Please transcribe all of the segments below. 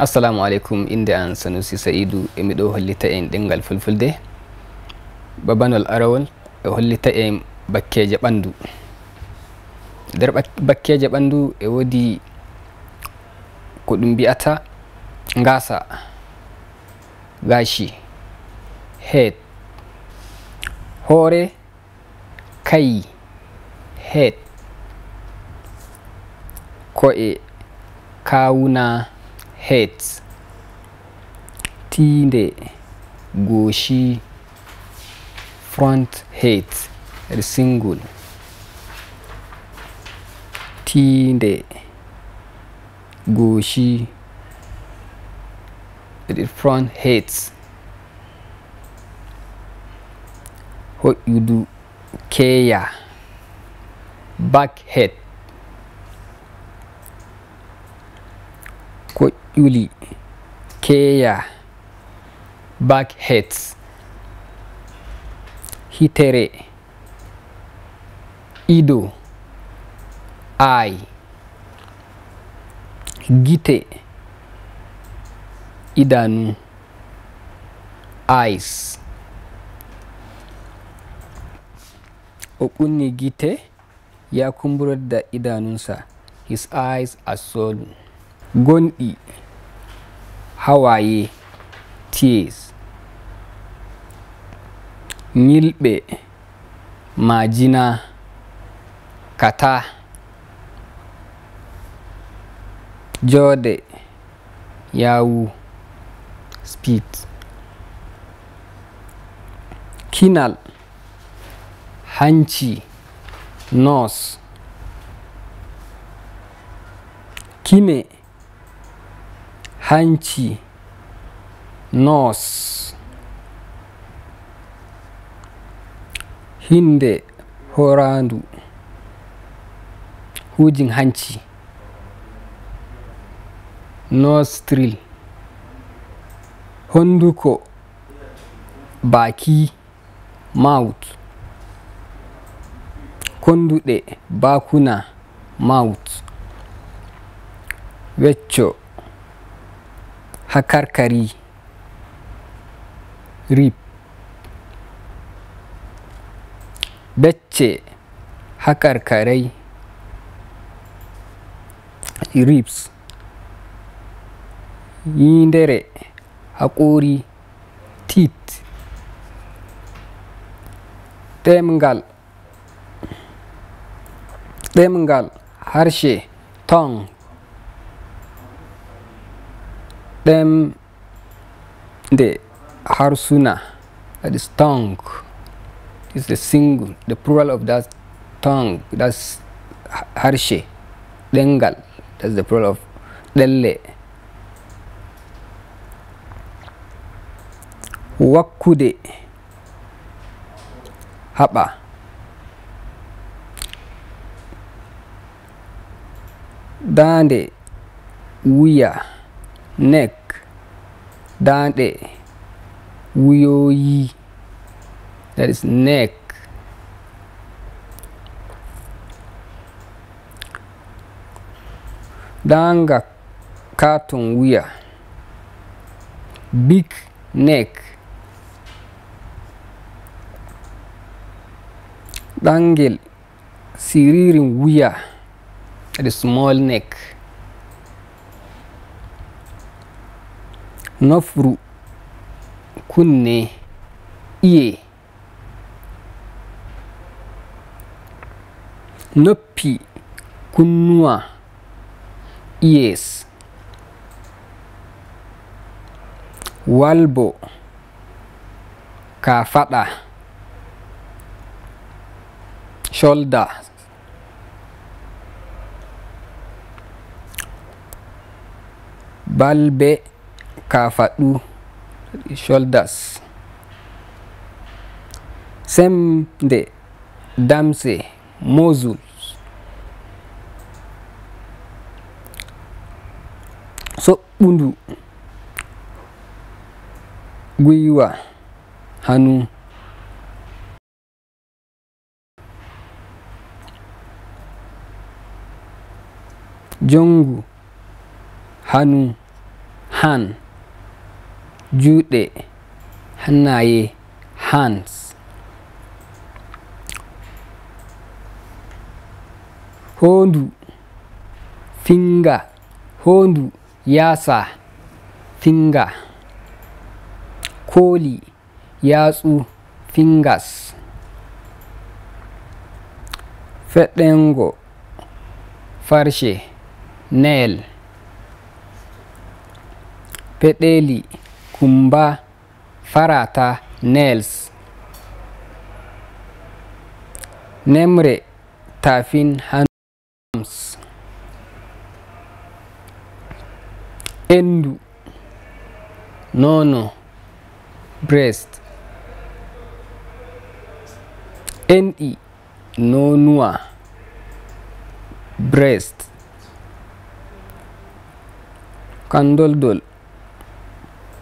assalamu aleykum innde an sanusi saidou emiɗo hollita en ɗengal fulfulde babanol arawol e hollita en bakkeje ɓandu nder bakkeje ɓandu e woodi ko ɗum mbiyata gasa gashi heet hoore kayi heet ko e kawuna heads tinde goshi front heads single tinde goshi the front heads what you do care back head ko ƴuli keeya back heads hitere ido ay gite idanu ice o ɓunni gite yakumburodda idanunsa his eyes a solun gonɗi hawaye tears nyilɓe majina kata jode yawu speed kinal hanci nos kine hanci nos hinde horandu hujin hanci nostril honduko baki maut konduɗe bakuna maut wecco hakarkari rip becce hakarkarai rips yindere haƙori tit ɗemgal ɗemgal harshe tongue them the harsuna, that is tongue, is the single, the plural of that tongue, that's harshe, dengal, that's the plural of delle. Wakude, haba. Dande, wuya, neck, daande wuyoyi that is neck danga katon wuya big neck dangel siririn wuya that is small neck nofru kunne iye noppi kunnuwa ears walbo kafada shoulder balbe kafaɗu soldas semde damse mosul soɓɓundu guywa hanu jongu hanu han juɗe hannaye hands hondu finger hondu yasa finger koli yatsu fingers feɗengo farshe nail peɗeli humba farata nails nemre tafin hannu endu nono breast ni nonuwa breast kandoldol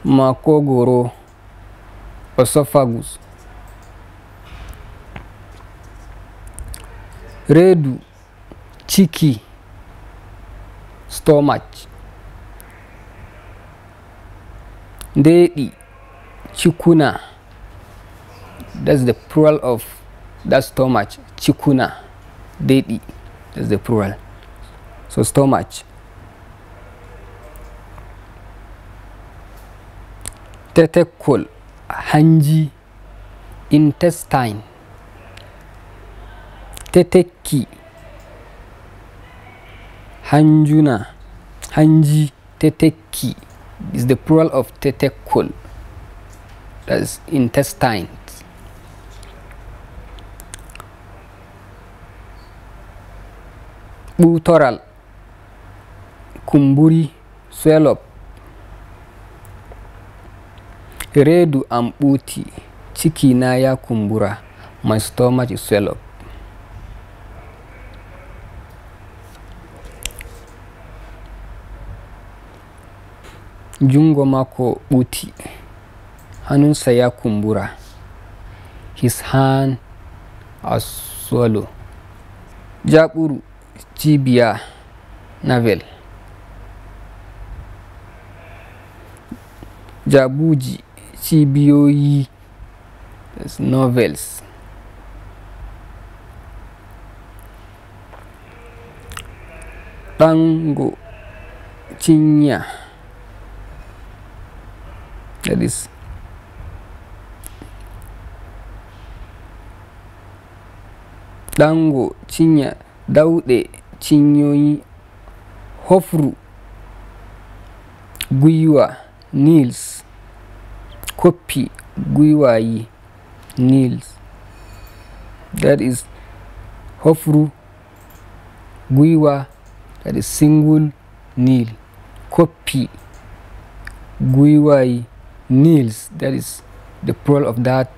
makogoro esophagus redu ciki stomach daɗi cikuna that's the plural of that stomach cikuna daɗi that's the plural so stomach testicle hanji intestine teteki hanjuna hanji teteki is the plural of that is intestine butoral kumburi swellop Redu am ɓuuti, cikina ya kumbura, my stomach is swell up. Jungo mako ɓuti hanunsa ya kumbura, his hand a swallow. Jaɓuru, cibiya, navel. Jabuji Chibioi novels. Tango Chinya. That é is Dango Chinya Daude Hofru Guiwa Nils Kopi Guiwai Niels. That is Hofru Guiwa, that is single Nil. Kopi Guiwai Niels, that is the plural of that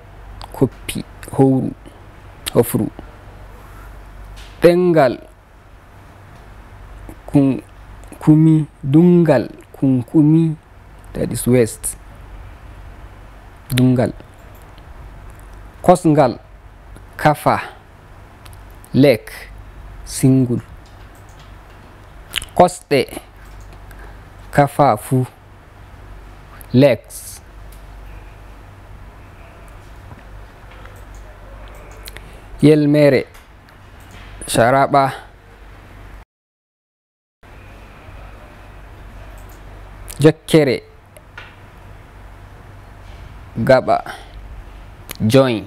Kopi Horu Hofru. Tengal Kumi Dungal Kumi, that is west. dungal kosngal kafa lek singul kosɗe kafa fuu lex yelmere saraɓa jokkere gaɓa joyi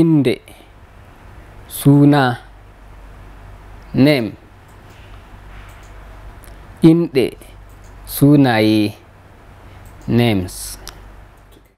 inde suuna nem inde suunayi names